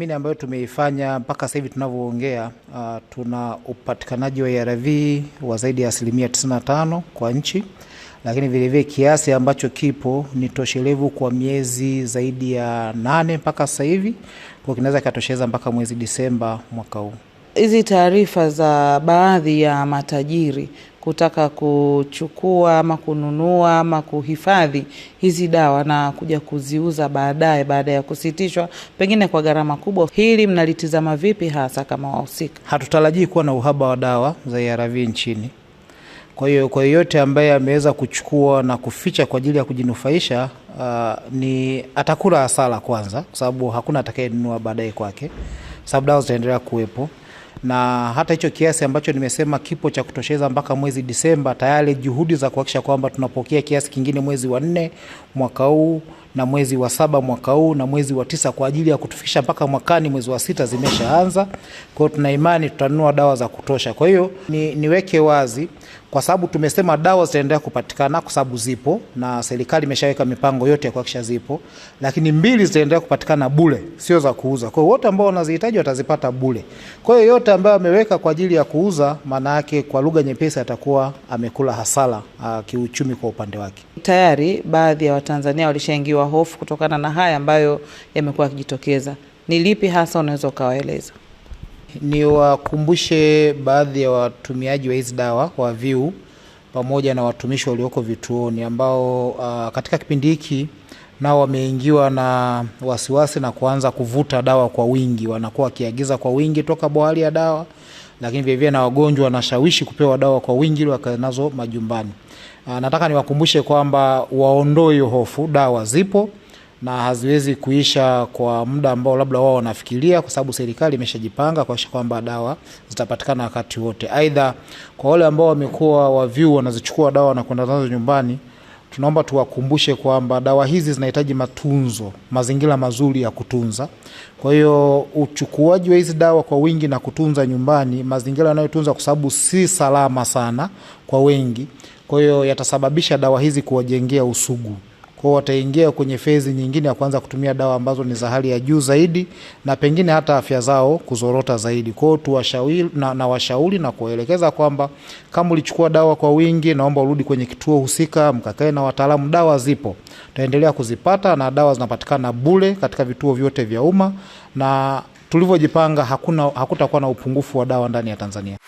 Mini ambayo tumeifanya mpaka sasa hivi tunavyoongea, uh, tuna upatikanaji wa ARV wa zaidi ya asilimia 95 kwa nchi, lakini vilevile kiasi ambacho kipo ni toshelevu kwa miezi zaidi ya nane mpaka sasa hivi, kwa kinaweza kikatosheleza mpaka mwezi Disemba mwaka huu hizi taarifa za baadhi ya matajiri kutaka kuchukua ama kununua ama kuhifadhi hizi dawa na kuja kuziuza baadaye baada ya kusitishwa pengine kwa gharama kubwa, hili mnalitizama vipi hasa kama wahusika? Hatutarajii kuwa na uhaba wa dawa za ARV nchini. Kwa hiyo kwa yeyote ambaye ameweza kuchukua na kuficha kwa ajili ya kujinufaisha, uh, ni atakula hasara kwanza, kwa sababu hakuna atakayenunua baadaye kwake, sababu dawa zitaendelea kuwepo na hata hicho kiasi ambacho nimesema kipo cha kutosheza mpaka mwezi Disemba, tayari juhudi za kuhakikisha kwamba tunapokea kiasi kingine mwezi wa nne mwaka huu na mwezi wa saba mwaka huu na mwezi wa tisa kwa ajili ya kutufikisha mpaka mwakani mwezi wa sita zimeshaanza. Kwa hiyo tuna imani tutanunua dawa za kutosha. Kwa hiyo ni, niweke wazi kwa sababu tumesema dawa zitaendelea kupatikana kwa sababu zipo na serikali imeshaweka mipango yote ya kuhakikisha zipo, lakini mbili zitaendelea kupatikana bule, sio za kuuza. Kwa hiyo wote ambao wanazihitaji watazipata bule. Kwa hiyo yote ambayo ameweka kwa ajili ya kuuza, maana yake kwa lugha nyepesi, atakuwa amekula hasara ah, kiuchumi kwa upande wake tayari baadhi ya Watanzania walishaingiwa hofu kutokana na haya ambayo yamekuwa yakijitokeza. Ni lipi hasa unaweza ukawaeleza? Niwakumbushe baadhi ya watumiaji wa hizi dawa viu pamoja na watumishi walioko vituoni ambao uh, katika kipindi hiki nao wameingiwa na wasiwasi na kuanza kuvuta dawa kwa wingi, wanakuwa wakiagiza kwa wingi toka bohari ya dawa lakini vile na wagonjwa wanashawishi kupewa dawa kwa wingi ili wakae nazo majumbani. Aa, ah, nataka niwakumbushe kwamba waondoe hiyo hofu. Dawa zipo na haziwezi kuisha kwa muda ambao labda wao wanafikiria, kwa sababu serikali imeshajipanga kuhakikisha kwamba dawa zitapatikana wakati wote. Aidha, kwa wale ambao wamekuwa waviu wanazichukua dawa na kwenda nazo nyumbani, tunaomba tuwakumbushe kwamba dawa hizi zinahitaji matunzo, mazingira mazuri ya kutunza. Kwa hiyo uchukuaji wa hizi dawa kwa wingi na kutunza nyumbani, mazingira yanayotunza, kwa sababu si salama sana kwa wengi, kwa hiyo yatasababisha dawa hizi kuwajengea usugu kwao wataingia kwenye fezi nyingine ya kuanza kutumia dawa ambazo ni za hali ya juu zaidi na pengine hata afya zao kuzorota zaidi. Kwao tuwashauri na, na washauri na kuwaelekeza kwamba kama ulichukua dawa kwa wingi, naomba urudi kwenye kituo husika mkakae na wataalamu. Dawa zipo, taendelea kuzipata na dawa zinapatikana bure katika vituo vyote vya umma, na tulivyojipanga hakuna hakutakuwa na upungufu wa dawa ndani ya Tanzania.